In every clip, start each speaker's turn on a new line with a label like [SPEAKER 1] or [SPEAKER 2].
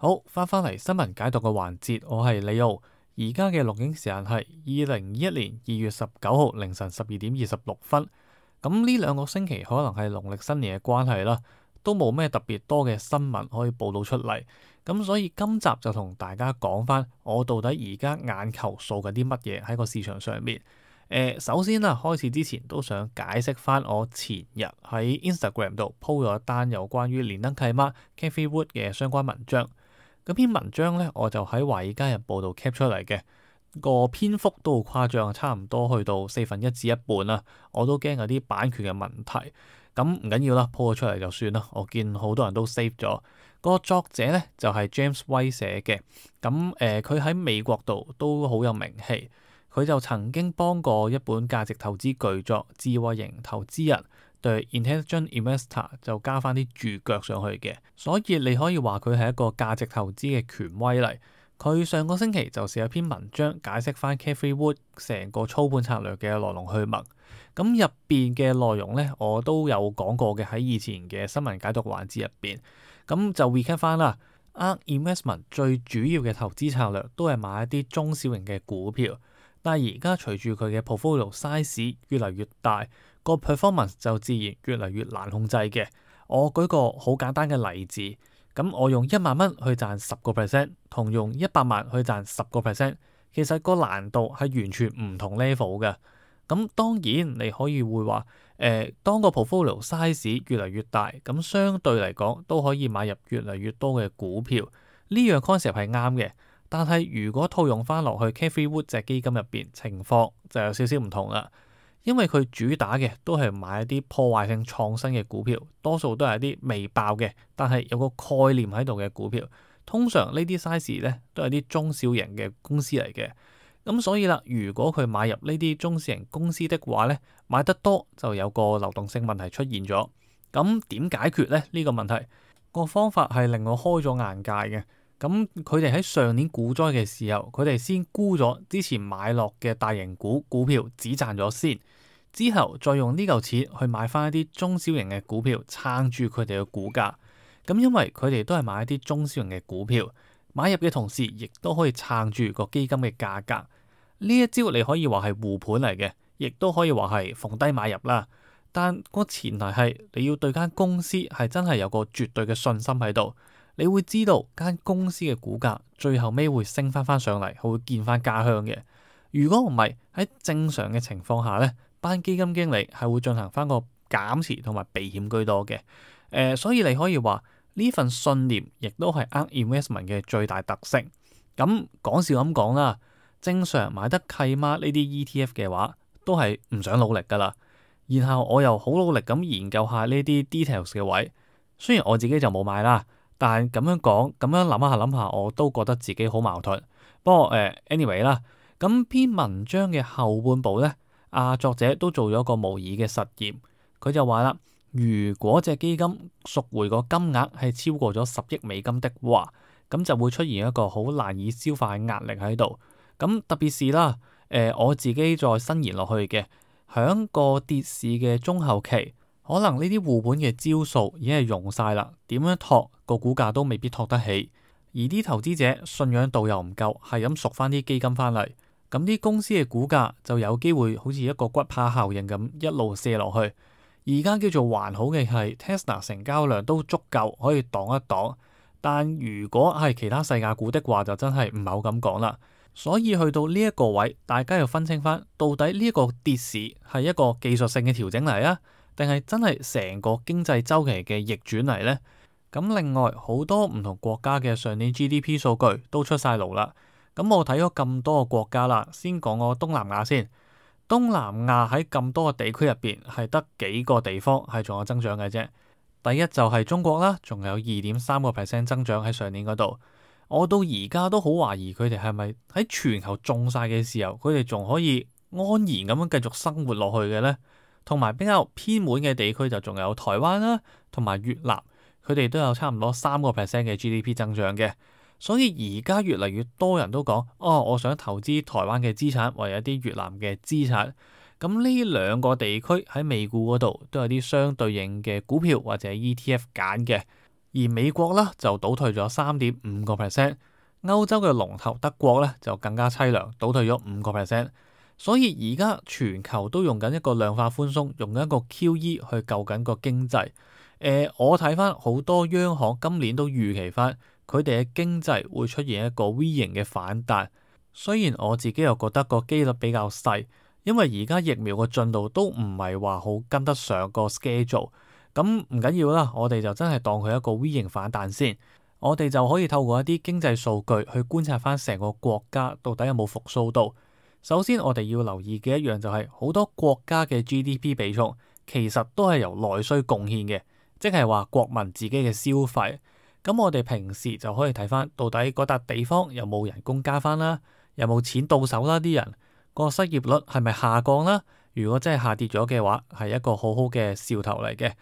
[SPEAKER 1] 好，翻返嚟新聞解讀嘅環節，我係李奧。而家嘅錄影時間係二零二一年二月十九號凌晨十二點二十六分。咁呢兩個星期可能係農曆新年嘅關係啦，都冇咩特別多嘅新聞可以報道出嚟。咁所以今集就同大家講翻，我到底而家眼球掃緊啲乜嘢喺個市場上面。呃，首先啦，開始之前都想解釋翻，我前日喺 Instagram 度鋪咗單有關於連登契媽 Kathy Wood 嘅相關文章。咁篇文章咧，我就喺《華爾街日報》度 cap 出嚟嘅個篇幅都好誇張，差唔多去到四分一至一半啦，啊。我都驚嗰啲版權嘅問題，咁唔緊要啦，po 咗出嚟就算啦。我見好多人都 save 咗，那個作者咧，就係、是、James 威寫嘅。咁誒，佢、呃、喺美國度都好有名氣，佢就曾經幫過一本價值投資巨作《智慧型投資人》。對，Intelligent Investor 就加翻啲註腳上去嘅，所以你可以話佢係一個價值投資嘅權威嚟。佢上個星期就寫有一篇文章解釋翻 Cathie Wood 成個操盤策略嘅來龍去脈。咁入邊嘅內容呢，我都有講過嘅喺以前嘅新聞解讀環節入邊。咁就 recall 翻啦 ARK Investment 最主要嘅投資策略都係買一啲中小型嘅股票，但係而家隨住佢嘅 portfolio size 越嚟越大。個 performance 就自然越嚟越難控制嘅。我舉個好簡單嘅例子，咁我用一萬蚊去賺十個 percent，同用一百萬去賺十個 percent，其實個難度係完全唔同 level 嘅。咁當然你可以會話，誒、呃，當個 portfolio size 越嚟越大，咁相對嚟講都可以買入越嚟越多嘅股票，呢、這、樣、個、concept 係啱嘅。但係如果套用翻落去 Cathie Wood 隻基金入邊，情況就有少少唔同啦。因為佢主打嘅都係買一啲破壞性創新嘅股票，多數都係一啲未爆嘅，但係有個概念喺度嘅股票。通常呢啲 size 咧都係啲中小型嘅公司嚟嘅。咁所以啦，如果佢買入呢啲中小型公司的話咧，買得多就有個流動性問題出現咗。咁點解決咧？呢個問題個方法係令我開咗眼界嘅。咁佢哋喺上年股災嘅時候，佢哋先沽咗之前買落嘅大型股股票，只賺咗先。之後再用呢嚿錢去買翻一啲中小型嘅股票，撐住佢哋嘅股價。咁因為佢哋都係買一啲中小型嘅股票買入嘅同時，亦都可以撐住個基金嘅價格。呢一招你可以話係護盤嚟嘅，亦都可以話係逢低買入啦。但個前提係你要對間公司係真係有個絕對嘅信心喺度，你會知道間公司嘅股價最後尾會升翻翻上嚟，會見翻家鄉嘅。如果唔係喺正常嘅情況下呢。班基金經理係會進行翻個減持同埋避險居多嘅，誒、呃，所以你可以話呢份信念亦都係 ARK Investment 嘅最大特色。咁、嗯、講笑咁講啦，正常買得契媽呢啲 ETF 嘅話，都係唔想努力噶啦。然後我又好努力咁研究下呢啲 details 嘅位，雖然我自己就冇買啦，但係咁樣講，咁樣諗下諗下，我都覺得自己好矛盾。不過誒、呃、anyway 啦，咁篇文章嘅後半部咧。阿作者都做咗個模擬嘅實驗，佢就話啦：，如果隻基金贖回個金額係超過咗十億美金的話，咁就會出現一個好難以消化嘅壓力喺度。咁特別是啦，誒、呃、我自己再伸延落去嘅，響個跌市嘅中後期，可能呢啲護盤嘅招數已經係用晒啦，點樣托個股價都未必托得起，而啲投資者信仰度又唔夠，係咁贖翻啲基金翻嚟。咁啲公司嘅股價就有機會好似一個骨牌效應咁一路瀉落去。而家叫做還好嘅係 Tesla 成交量都足夠可以擋一擋，但如果係其他世界股的，的話就真係唔好咁講啦。所以去到呢一個位，大家要分清翻到底呢一個跌市係一個技術性嘅調整嚟啊，定係真係成個經濟周期嘅逆轉嚟呢？咁另外好多唔同國家嘅上年 GDP 數據都出晒爐啦。咁、嗯、我睇咗咁多個國家啦，先講個東南亞先。東南亞喺咁多個地區入邊，係得幾個地方係仲有增長嘅啫。第一就係中國啦，仲有二點三個 percent 增長喺上年嗰度。我到而家都好懷疑佢哋係咪喺全球種晒嘅時候，佢哋仲可以安然咁樣繼續生活落去嘅呢？同埋比較偏門嘅地區就仲有台灣啦，同埋越南，佢哋都有差唔多三個 percent 嘅 GDP 增長嘅。所以而家越嚟越多人都講，哦，我想投資台灣嘅資產，或者一啲越南嘅資產。咁呢兩個地區喺美股嗰度都有啲相對應嘅股票或者 ETF 揀嘅。而美國咧就倒退咗三點五個 percent，歐洲嘅龍頭德國咧就更加淒涼，倒退咗五個 percent。所以而家全球都用緊一個量化寬鬆，用緊一個 QE 去救緊個經濟。誒、呃，我睇翻好多央行今年都預期翻佢哋嘅經濟會出現一個 V 型嘅反彈，雖然我自己又覺得個機率比較細，因為而家疫苗嘅進度都唔係話好跟得上個 schedule。咁唔緊要啦，我哋就真係當佢一個 V 型反彈先，我哋就可以透過一啲經濟數據去觀察返成個國家到底有冇復甦到。首先我哋要留意嘅一樣就係，好多國家嘅 GDP 比重其實都係由內需貢獻嘅，即係話國民自己嘅消費。咁我哋平時就可以睇翻，到底嗰笪地方有冇人工加翻啦，有冇錢到手啦？啲人個失業率係咪下降啦？如果真係下跌咗嘅話，係一個好好嘅兆頭嚟嘅。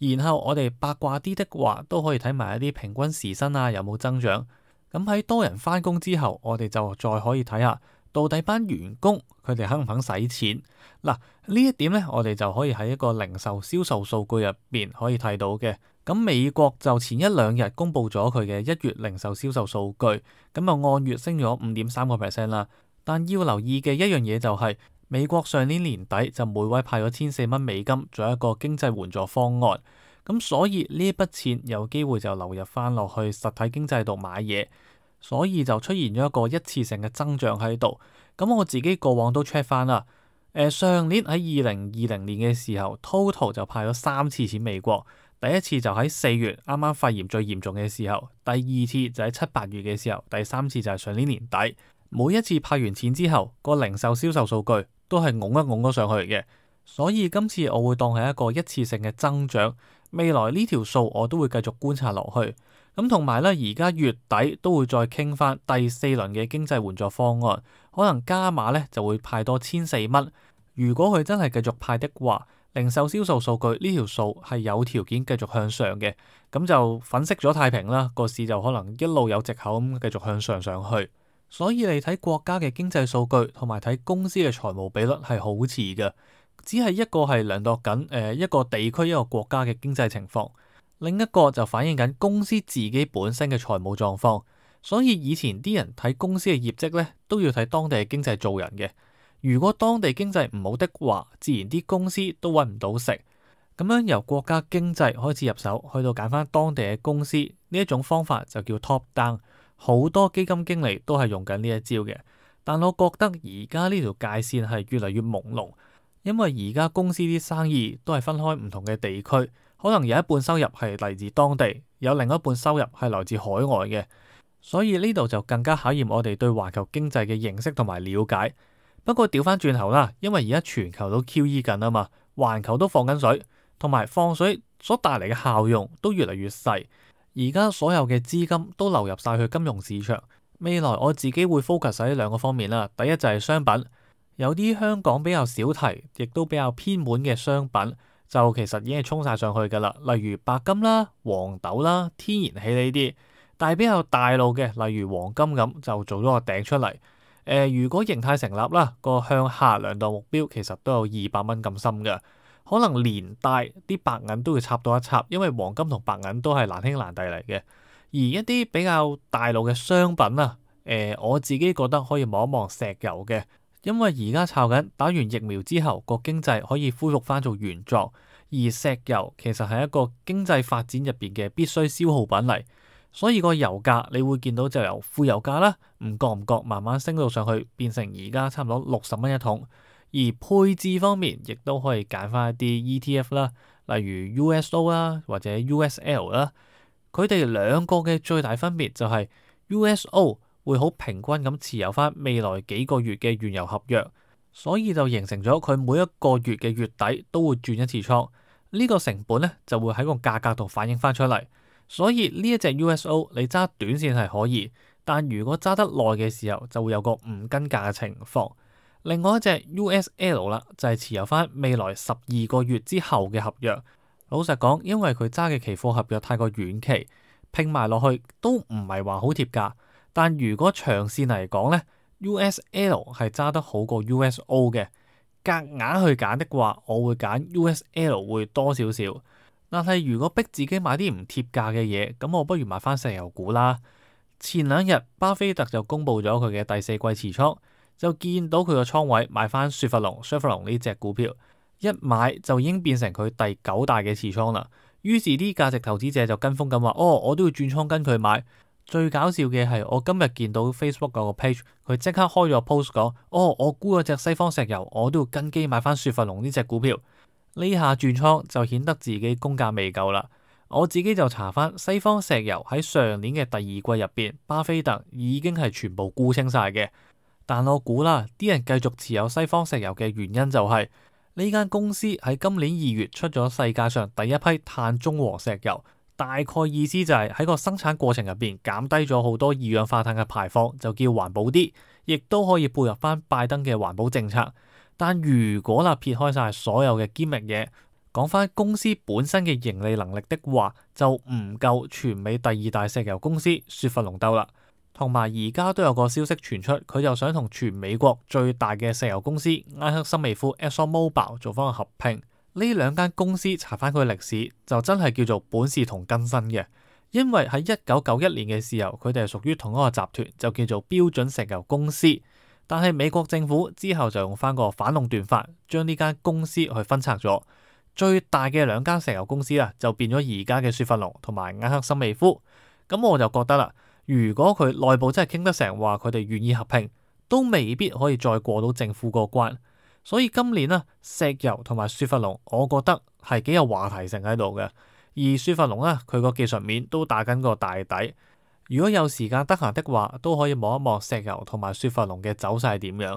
[SPEAKER 1] 然後我哋八卦啲的話，都可以睇埋一啲平均時薪啊，有冇增長？咁喺多人翻工之後，我哋就再可以睇下，到底班員工佢哋肯唔肯使錢？嗱呢一點咧，我哋就可以喺一個零售銷售數據入邊可以睇到嘅。咁美國就前一兩日公布咗佢嘅一月零售銷售數據，咁啊按月升咗五點三個 percent 啦。但要留意嘅一樣嘢就係、是、美國上年年底就每位派咗千四蚊美金做一個經濟援助方案，咁所以呢一筆錢有機會就流入翻落去實體經濟度買嘢，所以就出現咗一個一次性嘅增長喺度。咁我自己過往都 check 翻啦，呃，上年喺二零二零年嘅時候，total 就派咗三次錢美國。第一次就喺四月啱啱肺炎最嚴重嘅時候，第二次就喺七八月嘅時候，第三次就係上年年底。每一次派完錢之後，個零售銷售數據都係拱一拱咗上去嘅。所以今次我會當係一個一次性嘅增長，未來呢條數我都會繼續觀察落去。咁同埋咧，而家月底都會再傾翻第四輪嘅經濟援助方案，可能加碼咧就會派多千四蚊。如果佢真係繼續派的話，零售銷售數據呢條數係有條件繼續向上嘅，咁就粉飾咗太平啦，個市就可能一路有藉口咁繼續向上上去。所以你睇國家嘅經濟數據同埋睇公司嘅財務比率係好似嘅，只係一個係量度緊誒、呃、一個地區一個國家嘅經濟情況，另一個就反映緊公司自己本身嘅財務狀況。所以以前啲人睇公司嘅業績呢，都要睇當地嘅經濟做人嘅。如果當地經濟唔好的話，自然啲公司都揾唔到食。咁樣由國家經濟開始入手，去到揀翻當地嘅公司，呢一種方法就叫 top down。好多基金經理都係用緊呢一招嘅。但我覺得而家呢條界線係越嚟越朦朧，因為而家公司啲生意都係分開唔同嘅地區，可能有一半收入係嚟自當地，有另一半收入係來自海外嘅。所以呢度就更加考驗我哋對環球經濟嘅認識同埋了解。不過調翻轉頭啦，因為而家全球都 QE 緊啊嘛，環球都放緊水，同埋放水所帶嚟嘅效用都越嚟越細。而家所有嘅資金都流入晒去金融市場。未來我自己會 focus 喺呢兩個方面啦。第一就係商品，有啲香港比較少提，亦都比較偏門嘅商品，就其實已經係衝晒上去㗎啦。例如白金啦、黃豆啦、天然氣呢啲，但係比較大路嘅，例如黃金咁，就做咗個頂出嚟。誒、呃，如果形態成立啦，個向下量度目標其實都有二百蚊咁深嘅，可能連帶啲白銀都要插到一插，因為黃金同白銀都係難兄難弟嚟嘅。而一啲比較大路嘅商品啊，誒、呃，我自己覺得可以望一望石油嘅，因為而家炒緊打完疫苗之後，個經濟可以恢復翻做原狀，而石油其實係一個經濟發展入邊嘅必須消耗品嚟。所以個油價你會見到就由負油價啦，唔覺唔覺慢慢升到上去，變成而家差唔多六十蚊一桶。而配置方面亦都可以揀翻一啲 ETF 啦，例如 USO 啦或者 USL 啦。佢哋兩個嘅最大分別就係 USO 會好平均咁持有翻未來幾個月嘅原油合約，所以就形成咗佢每一個月嘅月底都會轉一次倉，呢個成本咧就會喺個價格度反映翻出嚟。所以呢一隻 USO 你揸短線係可以，但如果揸得耐嘅時候就會有個唔跟價嘅情況。另外一隻 USL 啦就係持有翻未來十二個月之後嘅合約。老實講，因為佢揸嘅期貨合約太過遠期，拼埋落去都唔係話好貼價。但如果長線嚟講咧，USL 係揸得好過 USO 嘅。夾硬去揀的話，我會揀 USL 會多少少。但係如果逼自己買啲唔貼價嘅嘢，咁我不如買翻石油股啦。前兩日巴菲特就公布咗佢嘅第四季持倉，就見到佢個倉位買翻雪佛龍雪佛 e 呢隻股票，一買就已經變成佢第九大嘅持倉啦。於是啲價值投資者就跟風咁話，哦，我都要轉倉跟佢買。最搞笑嘅係，我今日見到 Facebook 個 page，佢即刻開咗 post 講，哦，我估咗隻西方石油，我都要跟機買翻雪佛龍呢隻股票。呢下轉倉就顯得自己功架未夠啦。我自己就查翻西方石油喺上年嘅第二季入邊，巴菲特已經係全部沽清晒嘅。但我估啦，啲人繼續持有西方石油嘅原因就係呢間公司喺今年二月出咗世界上第一批碳中和石油，大概意思就係喺個生產過程入邊減低咗好多二氧化碳嘅排放，就叫環保啲，亦都可以配合翻拜登嘅環保政策。但如果啦撇開晒所有嘅兼密嘢，講翻公司本身嘅盈利能力的話，就唔夠全美第二大石油公司雪佛龍鬥啦。同埋而家都有個消息傳出，佢就想同全美國最大嘅石油公司埃克森美夫 e x x o Mobil） e 做翻個合併。呢兩間公司查翻佢歷史，就真係叫做本事同根身嘅，因為喺一九九一年嘅時候，佢哋係屬於同一個集團，就叫做標準石油公司。但係美國政府之後就用翻個反壟斷法，將呢間公司去分拆咗，最大嘅兩間石油公司啊，就變咗而家嘅雪佛龍同埋埃克森美孚。咁我就覺得啦，如果佢內部真係傾得成話，佢哋願意合併，都未必可以再過到政府個關。所以今年啊，石油同埋雪佛龍，我覺得係幾有話題性喺度嘅。而雪佛龍啊，佢個技術面都打緊個大底。如果有時間得閒的話，都可以望一望石油同埋雪佛龍嘅走勢點樣。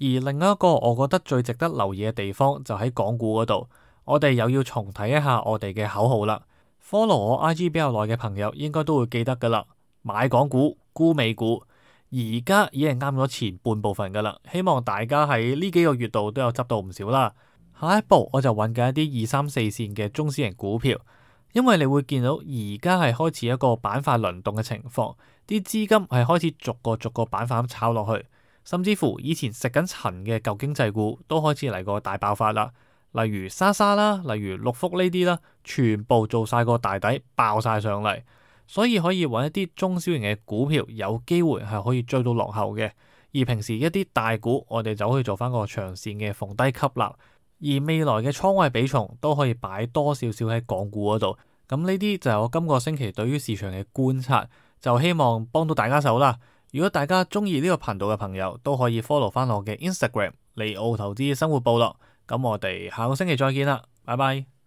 [SPEAKER 1] 而另一個我覺得最值得留意嘅地方就喺港股嗰度，我哋又要重睇一下我哋嘅口號啦。follow 我 IG 比較耐嘅朋友應該都會記得噶啦，買港股沽美股，而家已經係啱咗前半部分噶啦。希望大家喺呢幾個月度都有執到唔少啦。下一步我就揾緊一啲二三四線嘅中小型股票。因為你會見到而家係開始一個板塊輪動嘅情況，啲資金係開始逐個逐個板塊咁炒落去，甚至乎以前食緊塵嘅舊經濟股都開始嚟個大爆發啦，例如莎莎啦，例如六福呢啲啦，全部做晒個大底爆晒上嚟，所以可以搵一啲中小型嘅股票，有機會係可以追到落後嘅，而平時一啲大股我哋就可以做翻個長線嘅逢低吸納。而未來嘅倉位比重都可以擺多少少喺港股嗰度，咁呢啲就係我今個星期對於市場嘅觀察，就希望幫到大家手啦。如果大家鍾意呢個頻道嘅朋友，都可以 follow 翻我嘅 Instagram 利澳投資生活部咯。咁我哋下個星期再見啦，拜拜。